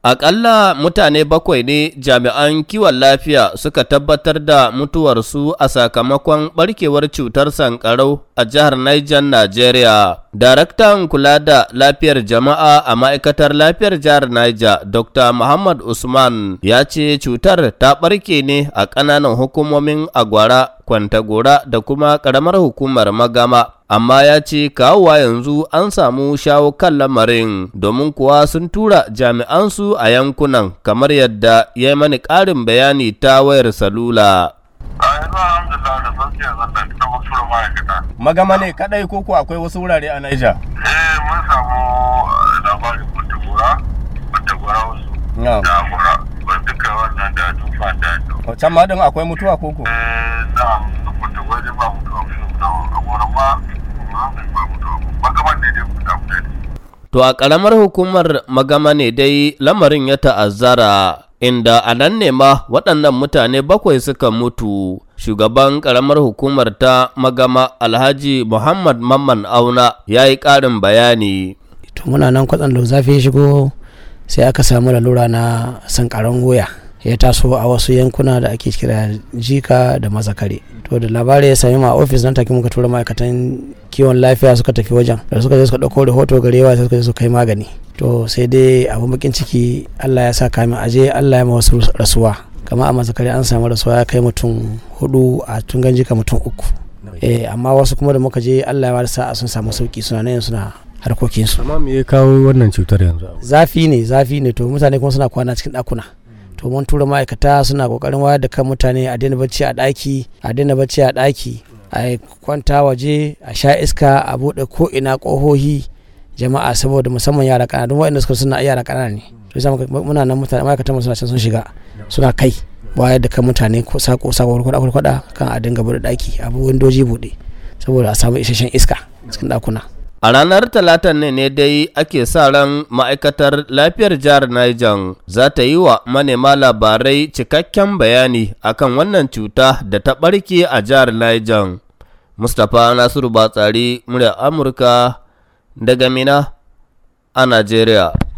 Aƙalla mutane bakwai ne jami'an kiwon lafiya suka tabbatar da mutuwarsu a sakamakon ɓarkewar cutar sankarau a jihar Niger, Najeriya. Daraktan kula da lafiyar jama'a a ma'aikatar lafiyar jihar Niger, Dr. Muhammad Usman, ya ce cutar ta ɓarke ne a ƙananan hukumomin Agwara, Kwantagora da kuma ƙaramar hukumar Magama. amma ya ce kawowa yanzu an samu shawo kan lamarin domin kuwa sun tura jami'ansu a yankunan kamar yadda ya yi mani ƙarin bayani ta wayar salula. Magama ne kadai ko ko akwai wasu wurare a Niger? Eh mun samu eh, labarin Kuntagora, Kuntagora wasu. Da Agora, wanda duka wannan da tufa da. ma din akwai mutuwa koko? Eh To a ƙaramar hukumar magama ne dai lamarin ya ta'azzara inda a nan ne ma waɗannan mutane bakwai suka mutu. Shugaban ƙaramar hukumar ta magama Alhaji Muhammad Mamman Auna ya yi ƙarin bayani. To muna nan kwatsan da zafi shigo sai aka samu lalura na sankaran wuya. ya taso a wasu yankuna da ake kira jika da mazakare to da labari ya sami ma ofis nan take muka tura ma'aikatan kiwon lafiya suka tafi wajen da suka je suka ɗauko rahoto gare wa sai suka je su kai magani to sai dai abu bakin ciki allah ya sa kamin aje allah ya ma wasu rasuwa kamar a mazakare an samu rasuwa ya kai mutum hudu a tungan jika mutum uku eh amma wasu kuma da muka je allah ya sa a sun samu sauki suna nan suna harkokinsu amma me ya kawo wannan cutar yanzu zafi ne zafi ne to mutane kuma suna kwana cikin ɗakuna to mun tura ma'aikata suna kokarin wayar da kan mutane a daina bacci a ɗaki a daina bacci a ɗaki a kwanta waje a sha iska a buɗe ko ina ƙohohi jama'a saboda musamman yara ƙanana don waɗanda suka suna yara ƙanana ne to yasa muna nan mutane ma'aikatan mu suna can sun shiga suna kai wayar da kan mutane ko sako sako kwada kwada kan a dinga bude ɗaki abu windoji bude saboda a samu isasshen iska cikin ɗakuna. A ranar Talatan ne ne dai ake sa ran ma'aikatar lafiyar jihar Niger za ta yi wa manema labarai cikakken bayani akan wannan cuta da ta ɓarke a jihar Niger. Mustapha Nasiru Batsari, murya Amurka daga Mina a Najeriya.